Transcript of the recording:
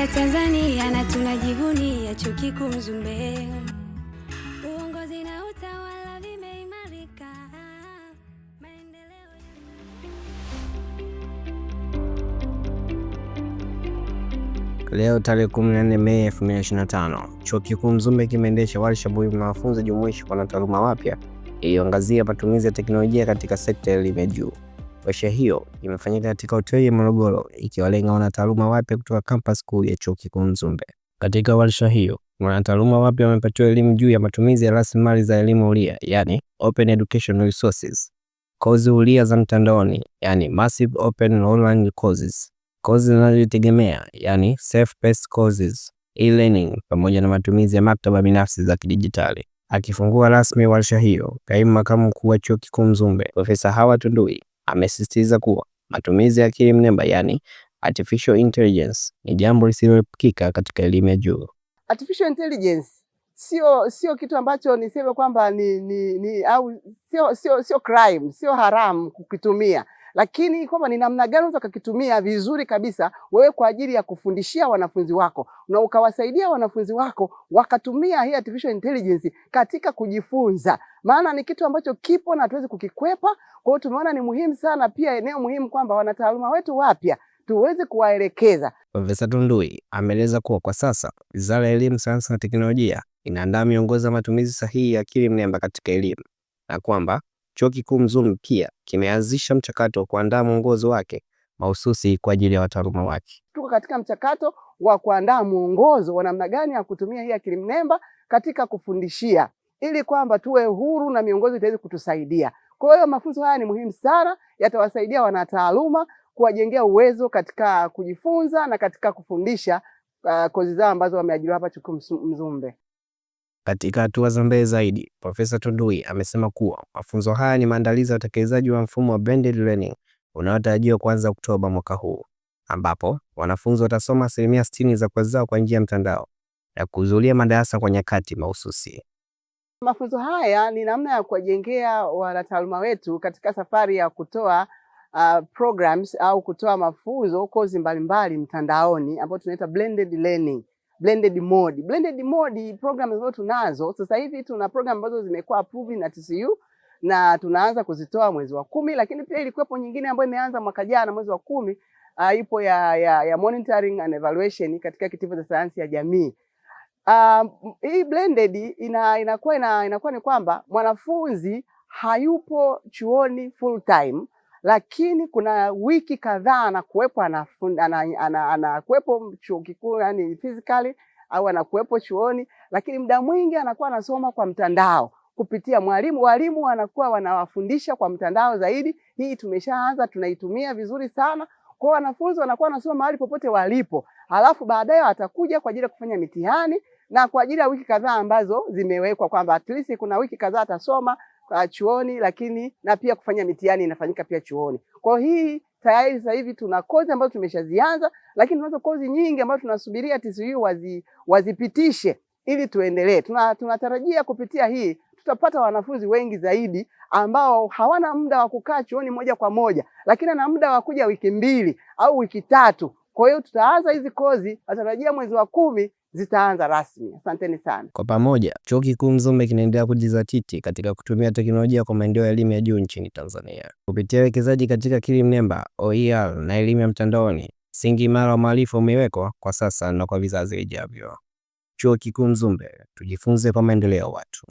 ya Tanzania na tunajivunia chuo kikuu Mzumbe. Leo tarehe 14 Mei 2025, Chuo Kikuu Mzumbe kimeendesha warsha muhimu na mafunzo jumuishi kwa wanataaluma wapya iliyoangazia matumizi ya teknolojia katika sekta ya elimu ya juu. Warsha hiyo imefanyika katika hoteli ya Morogoro ikiwalenga wanataaluma wapya kutoka kampasi kuu ya Chuo Kikuu Mzumbe. Katika warsha hiyo wanataaluma wapya wamepatiwa elimu juu ya matumizi ya rasilimali za elimu huria, yani open educational resources, kozi huria za mtandaoni, yani massive open online courses, kozi zinazojitegemea, yani self-paced courses, e-learning, pamoja na matumizi ya maktaba binafsi za kidijitali. Akifungua rasmi warsha hiyo, kaimu makamu mkuu wa Chuo Kikuu Mzumbe Profesa Hawa Tundui amesisitiza kuwa matumizi ya akili mnemba yani artificial intelligence ni jambo lisiloepukika katika elimu ya juu. Artificial intelligence sio sio kitu ambacho niseme kwamba ni, ni, ni au sio sio sio crime, sio haramu kukitumia lakini kwamba ni namna gani unaweza kukitumia vizuri kabisa wewe kwa ajili ya kufundishia wanafunzi wako na ukawasaidia wanafunzi wako wakatumia hii artificial intelligence katika kujifunza, maana ni kitu ambacho kipo na hatuwezi kukikwepa. Kwa hiyo tumeona ni muhimu sana, pia eneo muhimu kwamba wanataaluma wetu wapya tuweze kuwaelekeza. Profesa Tundui ameeleza kuwa kwa sasa Wizara ya Elimu, Sayansi na Teknolojia inaandaa miongozo ya matumizi sahihi ya akili mnemba katika elimu na kwamba Chuo Kikuu Mzumbe pia kimeanzisha mchakato wa kuandaa mwongozo wake mahususi kwa ajili ya wataaluma wake. Tuko katika mchakato wa kuandaa mwongozo wa namna gani ya kutumia hii akili mnemba katika kufundishia ili kwamba tuwe huru na miongozo itaweze kutusaidia. Kwa hiyo mafunzo haya ni muhimu sana, yatawasaidia wanataaluma kuwajengea uwezo katika kujifunza na katika kufundisha uh, kozi zao ambazo wameajiriwa hapa Chuo Kikuu Mzumbe. Katika hatua za mbele zaidi, Profesa Tundui amesema kuwa mafunzo haya ni maandalizi ya utekelezaji wa mfumo wa blended learning unaotarajiwa kuanza Oktoba mwaka huu, ambapo wanafunzi watasoma asilimia 60 za kozi zao kwa njia ya mtandao na kuhudhuria madarasa kwa nyakati mahususi. Mafunzo haya ni namna ya kuwajengea wanataaluma wetu katika safari ya kutoa uh, programs au kutoa mafunzo kozi mbalimbali mtandaoni ambayo tunaita blended learning blended mode. Blended mode program ambazo tunazo sasa hivi, tuna program ambazo zimekuwa approved na TCU na tunaanza kuzitoa mwezi wa kumi, lakini pia ilikuwepo nyingine ambayo imeanza mwaka jana mwezi wa kumi uh, ipo ya, ya, ya monitoring and evaluation katika kitivo cha sayansi ya jamii. Um, hii blended ina inakuwa ina, inakuwa ni kwamba mwanafunzi hayupo chuoni full time lakini kuna wiki kadhaa anakuwepo anafunda ana, ana, ana, chuo kikuu yani physically au anakuwepo chuoni, lakini muda mwingi anakuwa anasoma kwa mtandao kupitia mwalimu. Walimu wanakuwa wanawafundisha kwa mtandao zaidi. Hii tumeshaanza tunaitumia vizuri sana kwa wanafunzi, wanakuwa wanasoma mahali popote walipo, alafu baadaye watakuja kwa ajili ya kufanya mitihani na kwa ajili ya wiki kadhaa ambazo zimewekwa kwamba at least kuna wiki kadhaa atasoma uh, chuoni, lakini na pia kufanya mitihani inafanyika pia chuoni. Kwa hii tayari sasa hivi tuna kozi ambazo tumeshazianza, lakini tunazo kozi nyingi ambazo tunasubiria TCU wazi, wazipitishe ili tuendelee. Tuna, tunatarajia kupitia hii tutapata wanafunzi wengi zaidi ambao hawana muda wa kukaa chuoni moja kwa moja, lakini ana muda wa kuja wiki mbili au wiki tatu. Kwa hiyo tutaanza hizi kozi, natarajia mwezi wa kumi zitaanza rasmi. Asanteni sana. Kwa pamoja, Chuo Kikuu Mzumbe kinaendelea kujizatiti katika kutumia teknolojia kwa maendeleo ya elimu ya juu nchini Tanzania kupitia wekezaji katika akili mnemba, OER na elimu ya mtandaoni. Msingi imara wa maarifa umewekwa kwa sasa na kwa vizazi vijavyo. Chuo Kikuu Mzumbe, tujifunze kwa maendeleo ya watu.